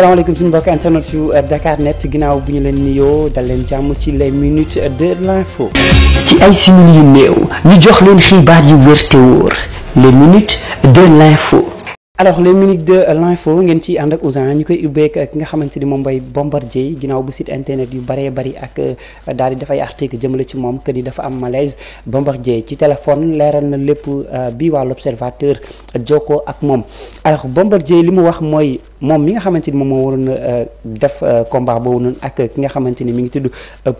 salaamaaleykum suñu mbokk internet yu euh, Dakar Net ginnaaw bu ñu leen nuyoo dal leen jàmm ci les minutes de l'info ci ay simili yu néew ñu jox leen xibaar yu wér te wóor les minutes de l'info alors les minutes de euh, l'info ngeen ci ànd ak Ousin ñu koy ubbeek euh, ki nga xamante ni moom mooy Bombardier ginnaaw bu site internet yu bëree bari ak euh, daal di dafay article jëmale ci moom que ni dafa am malaise Bombardier ci téléphone leeral na lépp bi waa l'observateur jokkoo ak moom alors Bombardier li mu wax mooy moom mi nga xamante ni moom moo waroon def combat boobu noonu ak ki nga xamante ni mi ngi tudd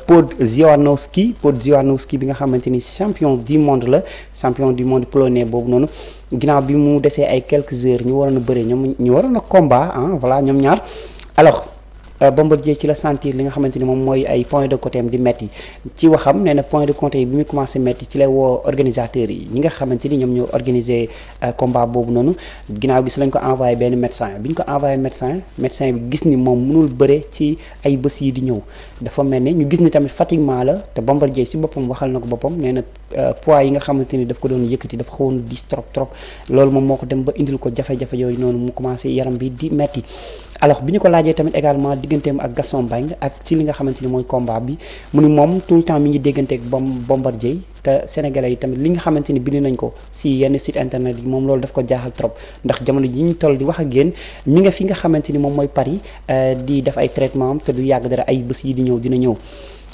Podzianowski Podzianowski bi nga xamante ni champion du monde la champion du monde polonais boobu noonu ginnaaw bi mu desee ay quelques heures ñu waroon a bëre ñoom ñu waroon a combat ah voilà ñoom ñaar alors euh, Bombardier ci la sentir li nga xamante ni moom mooy ay point de côté di metti ci waxam nee na point de côté bi muy commencé metti ci lay woo organisateurs yi ñi nga xamante ni ñoom ñoo organiser euh, combat boobu noonu ginnaaw gi si lañ ko envoyé benn médecin bi ñu ko envoyé médecin médecin bi gis ni moom munul bëre ci ay bës yi di ñëw dafa mel ni ñu gis ni tamit fatiguement la te Bombardier si boppam waxal na ko boppam nee na Euh, poids yi nga xamante ni daf ko doon yëkkati dafa xawoon diis trop trop loolu moom moo ko dem ba indil ko jafe-jafe yooyu noonu mu commencé yaram bi di metti alors bi ñu ko laajee tamit également digganteem ak gason Mbengue ak ci li nga xamante ni mooy combat bi mu ni moom tout le temps mi ngi déggante ak bom Bombardier te sénégalais yi tamit li nga xamante ni bind nañ ko si yenn sit internet yi moom loolu daf ko jaaxal trop ndax jamono ji ñu toll di wax ak yéen mi nga fi nga xamante ni moom mooy Paris euh, di def ay traitement du yàgg dara ay bés yi di ñëw dina ñëw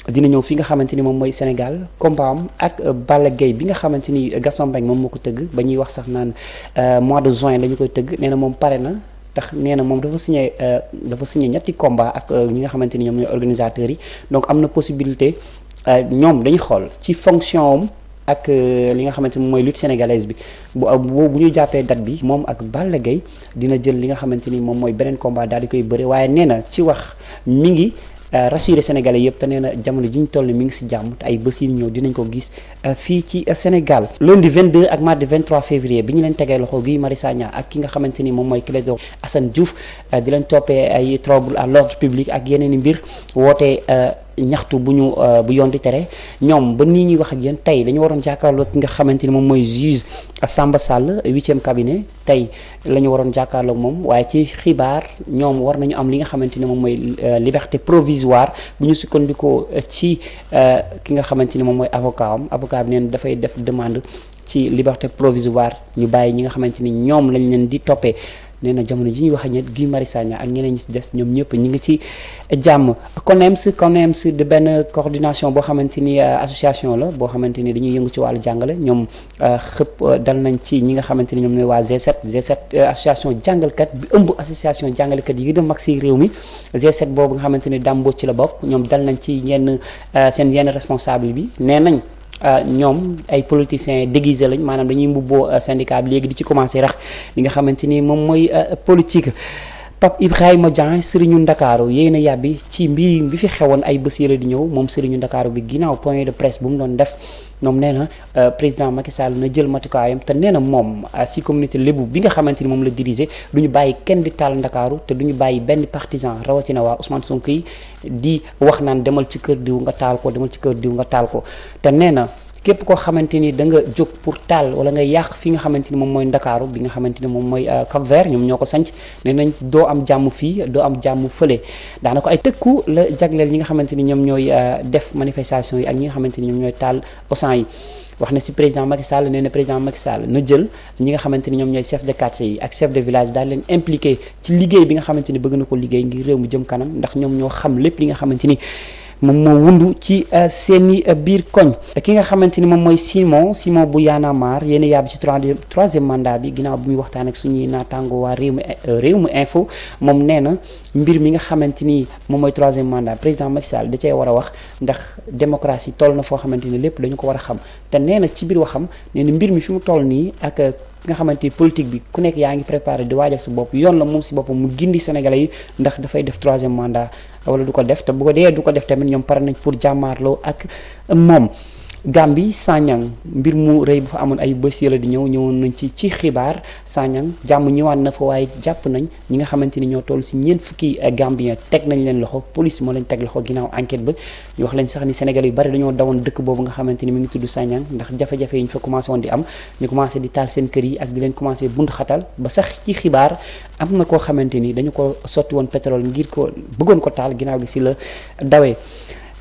dina ñëw fi nga xamante ni moom mooy Sénégal combat am ak euh, Balla Gaye bi nga xamante ni gason Mbengue moom moo ko tëgg ba ñuy wax sax naan euh, mois de juin la ñu koy tëgg nee na moom pare na tax nee na moom dafa signé euh, dafa signé ñetti combat ak ñi nga xamante ni ñoom ñooy yi donc am na possibilité ñoom dañuy xool ci fonction am ak li nga xamante ni mooy lutte sénégalaise bi bu bu ñu jàppee date bi moom ak Balla Gaye dina jël li nga xamante ni moom mooy beneen combat daal di koy bëre waaye nee na ci wax mi ngi. Euh, rassuré sénégalais yëpp te nee na jamono ji ñu toll ni mi ngi si jàmm te ay bés yi ñëw dinañ ko gis euh, fii ci euh, Sénégal lundi 22 ak mardi 23 février bi ñu leen tegee loxo Guy Marius Sagna ak ki nga xamante ni moom mooy Clédor Assane Diouf di leen toppee ay trouble à l'ordre public ak yeneen i mbir woote ñaxtu bu ñu euh, bu yoon di tere ñoom ba nii ñuy wax ak yéen tey dañu waroon jàkkaarloo ki nga xamante ni moom mooy juge Samba Sall huitième cabinet tey la ñu waroon jàkkaarloo moom waaye ci xibaar ñoom war nañu am li nga xamante ni moom mooy euh, liberté provisoire bu ñu sukkandikoo euh, ci ki nga xamante ni moom mooy avocat am avocat bi neen dafay def demande ci liberté provisoire ñu bàyyi ñi nga xamante ni ñoom lañ leen di toppee nee na jamono ji ñuy wax ñet Guy Marius Sagna ak ñeneen ñi si des ñoom ñëpp ñu ngi ci jàmm CONEMS CONEMS de benn coordination boo xamante ni euh, association la boo xamante ni dañuy yëngu ci wàllu jàngale ñoom euh, xëpp euh, dal nañ ci ñi nga xamante ni ñoom ñooy waa G7 G7 association jàngalkat bi ëmb association jàngalekat yi gën a mag si réew mi G7 boobu nga xamante ni dàmboo ci la bokk ñoom dal nañ ci yenn seen yenn responsable bi nee nañ Euh, ñoom ay politiciens déguisés lañ maanaam dañuy mbubboo euh, syndicat léegi di ci commencé rax li nga xamante ni moom mooy euh, politique Pape Ibrahima Dieng sëriñu ndakaaru yéena yàbbi ci mbir bi fi xewoon ay bés yële ñëw moom sëriñu ndakaaru bi ginnaaw point de presse bu mu doon def moom nee na euh, président Macky Sall na jël matikaayam te nee na moom euh, si communauté lébu bi nga xamante ni moom la dirigé du ñu bàyyi kenn di taal ndakaaru te duñu bàyyi benn partisan rawatina waa Ousmane Sonko yi di wax naan demal ci kër diw nga taal ko demal ci kër diw nga taal ko te nee na képp koo xamante ni da nga jóg pour taal wala nga yàq fii nga xamante ni moom mooy ndakaaru bi nga xamante ni moom mooy euh, Cap Vert ñoom ñoo ko sanc ne nañ doo am jàmm fii doo am jàmm fële daanaka ay tëkku la jagleel ñi nga xamante ni ñoom ñooy euh, def manifestation yi ñi nga xamante ni ñoom ñooy taal osan yi wax na ci président Macky Sall nee na président Macky Sall na jël ñi nga xamante ni ñoom ñooy chef de quartier yi ak chef de village daal leen impliqué ci liggéey bi nga xamante ni bëgg na ko liggéey ngir réew mi jëm kanam ndax ñoom ñoo xam lépp li nga xamante ni moom moo wundu ci euh, seen i euh, biir koñ ki nga xamante ni moom mooy Simon Simon bu Y'en a marre yéen yàbb ci troisième mandat bi ginnaaw bi muy waxtaan ak suñuy naataango waa réew mi euh, réew mu info moom nee na mbir mi nga xamante ni moom mooy troisième mandat président Macky Sall cee war a wax ndax démocratie toll na foo xamante ni lépp dañu ko war a xam te nee na ci biir waxam nee mbir mi fi mu toll nii ak. nga xamante politique bi ku nekk yaa ngi préparé di waajal sa bopp yoon la moom si boppam mu gindi Sénégalais yi ndax dafay def troisième mandat wala du ko def te bu ko dee du ko def tamit ñoom pare nañ pour jàmmaarlo ak moom Gambie Sagnang mbir mu rëy bu fa amoon ay bés la di ñëw ñëwoon nañ ci ci xibaar Sagnang jàmm ñëwaan na fa waaye jàpp nañ ñi nga xamante ni ñoo toll si ñeent fukki eh, Gambien teg nañ leen loxo police moo leen teg loxo ginnaaw enquête ba ñu wax leen sax ni Sénégal yu bari dañoo dawoon dëkk boobu nga xamante ni mu ngi tudd Sagnang ndax jafe-jafe yi ñu fa commencé woon di am ñu commencé di taal seen kër yi ak di leen commencé bund xatal ba sax ci xibaar am na koo xamante ni dañu ko sotti woon pétrole ngir ko bëggoon ko taal ginnaaw gi si la dawee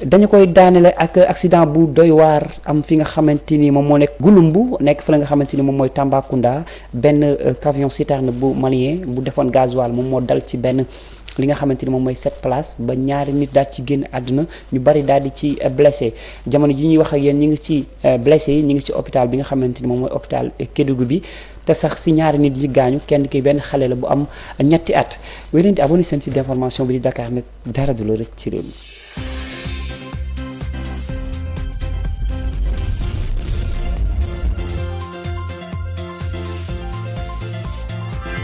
dañu koy daaneele ak accident bu doy waar am fi nga xamante ni moom moo nekk Gouloumbou nekk fa la nga xamante ni moom mooy Tambacounda benn cavion euh, camion citerne bu malien bu defoon gasoil moom moo dal ci benn li nga xamante ni moom mooy sept place ba ñaari nit daal ci génn àdduna ñu bari daal di ci euh, blessé jamono ji ñuy wax ak yéen ñi ngi ci euh, blessé yi ñi ngi ci hôpital bi nga xamante ni moom mooy hôpital Kédougou bi te sax si ñaari nit yi gaañu kenn ki benn xale la bu am ñetti at wéy di abonné seen site d'information bi di dakaar ne dara du la rëcc ci réew mi